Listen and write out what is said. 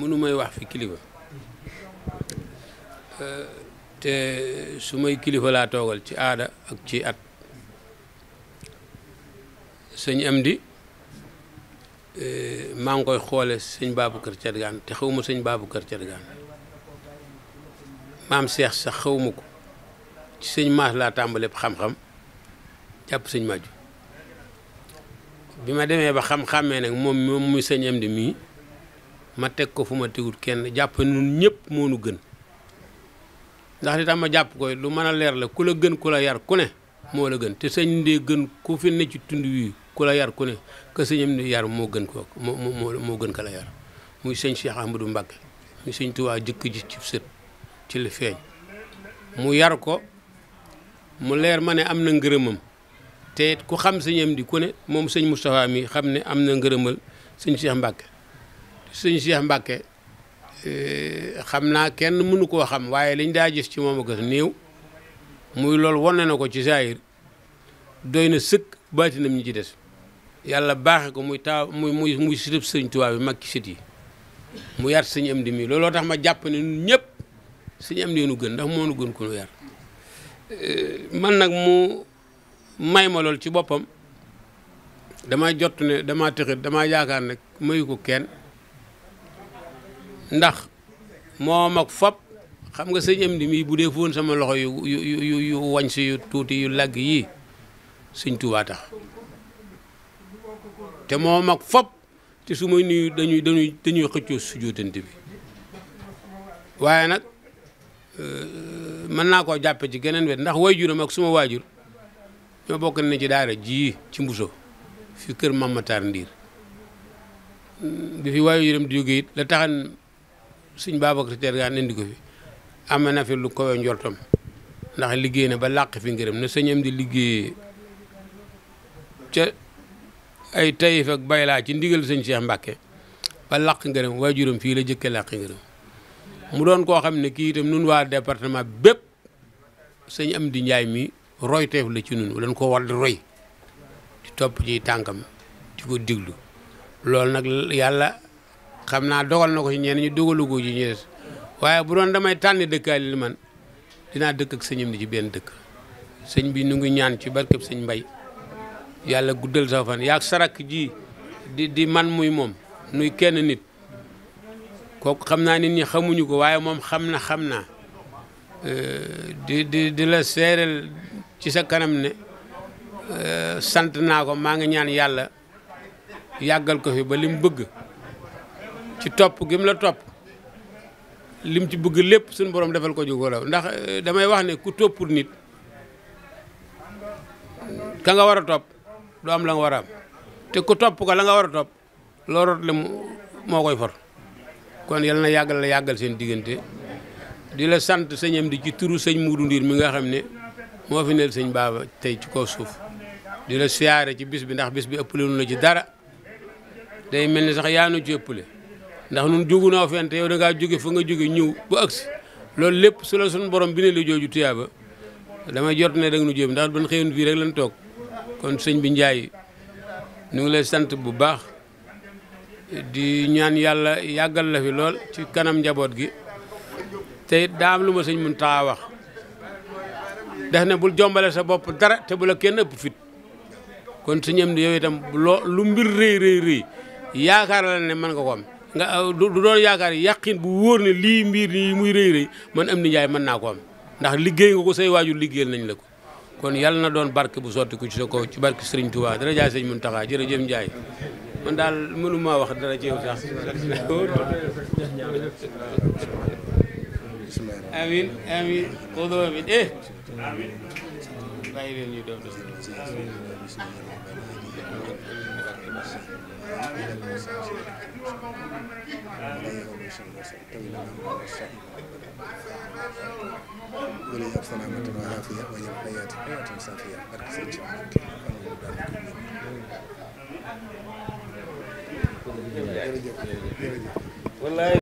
mënu may wax fi kilifa euh, te su may kilifa laa toogal ci aada ak ci at sëñ am di euh, maa ngi koy xoole sëñ Babacar Thiargane te xawma sëñ Babacar Thiargane maam Seex sax xawma ko ci sëñ maas laa tàmbalee xam-xam jàpp sëñ maju bi ma demee ba xam-xàmmee nag moom moom muy sëñ am di mii ma teg ko fu ma tegul kenn jàpp nun ñëpp moo nu gën ndax li tax ma jàpp koy lu man a leer la ku la gën ku la yar ku ne moo la gën te sëñ ndee gën ku fi ne ci tund wi ku la yar ku ne que sëñam ne yar moo gën ko moo gën ko la yar muy sëñ Cheikh Ahmadou Mbacke muy sëñ Tuubaa jëkk ji ci sët ci li feeñ mu yar ko mu leer ma ne am na ngërëmam te ku xam sëñam di ku ne moom sëñ Moustapha mi xam ne am na ngërëmal sëñ Cheikh Mbacke sëñ Cheikh Mbacke eh, xam naa kenn mënu koo xam waaye liñ daa gis ci moom a gës niiw muy loolu wane na ko ci saayir doy na sëkk baatinam ñi ci des yàlla baaxe ko muy taaw muy muy muy sitëb sëñ Tuubaa bi mag ci mu yar sëñ am di mi looloo tax ma jàpp ne ñëpp sëñ am di nu gën ndax moo nu gën ku nu yar eh, man nag mu may ma lool ci boppam dama jot ne dama tëxit dama yaakaar ne mayu ko kenn ndax moo ak fop xam nga sëñ am di mii bu dee foon sama loxo yu yu yu tuuti yu làgg yii sëñ Tuubaa tax te moo ak fop te su may nuyu dañuy dañuy dañuy xëccoo sujjóotante bi waaye nag euh, mën naa koo jàppe ci geneen wet ndax waajuram ak suma waajur ñoo bokk na ci daara ji ci mbuso fi kër Mamatar Ndiir bi fi waajuram di jóge it la taxan suñ Babacar Thierno indi ko fi am na fi lu ko njortam ndax liggéey na ba làq fi ngërëm na sëñam di liggéey ca ay tayif ak baylaa ci ndigal sëñ Cheikh Mbacke ba làq ngërëm waajuram fii la jëkke làq ngërëm mu doon koo xam ne kii itam nun waa département bépp sëñ Amdi Njaay mi royteef la ci nun lañ ko war di roy di topp ci tànkam di diglu loolu nag yàlla xam naa dogal na ko ci ñenn ñu dogalugu ci ñu des waaye bu doon damay tànn dëkkaale li man dinaa dëkk ak sëñam di ci benn dëkk sëñ bi nu ngi ñaan ci barkeb sëñ mbay yàlla guddal sa fan yaag sarak ji di di man muy moom nuy kenn nit kooku xam naa nit ñi xamuñu ko waaye moom xam na xam naa di di la seereel ci sa kanam ne sant naa ko maa ngi ñaan yàlla yàggal ko fi ba li bëgg ci topp gi la topp lim ci bëgg lépp suñu borom defal ko jóg wala ndax eh, damay wax ne ku toppul nit ka war a topp du am la nga war a am te ku topp ko la nga war a topp looroot le moo koy for kon yal na yàggal la yàggal seen diggante di la sant sëñam di ci turu sëñ Muudu Ndiir mi nga xam ne moo fi nel sëñ Baaba tey ci ko suuf di la siyaare ci bis bi ndax bis bi ëppale nu la ci dara day mel ni sax yaanu ci ëppale ndax nun jugu naa fente yow da ngaa jóge fa nga jóge ñëw bu agsi loolu lépp su la suñu borom bi ne la jooju tuyaaba damay jot ne da nga nu jéem ndax ban xëyoon fii rek lañ toog kon sëñ bi njaay ñu ngi lay sant bu baax di ñaan yàlla yàggal la fi lool ci kanam njaboot gi te daam lu ma sëñ mun taa wax na bul jombale sa bopp dara te bu la kenn ëpp fit kon sëñ am di yow itam loo lu mbir rëy rëy rëy yaakaar la ne mën nga ko nga euh, du doon yaakaar yàqin bu wóor ne lii mbiir nii muy rëy rëy man am ni njaay mën naa ko ndax liggéey nga ko say waajur liggéey nañ la ko kon yàlla na doon barke bu sotti ku ci sa kaw ci barke Serigne Touba dara jaay sëñ Mountakha jërëjëf Ndiaye man daal mënuma wax dara ci yow sax ولي السلامة والعافية ويوم حياة حياة صافية بركة سيدي jërëjëf jërëjëf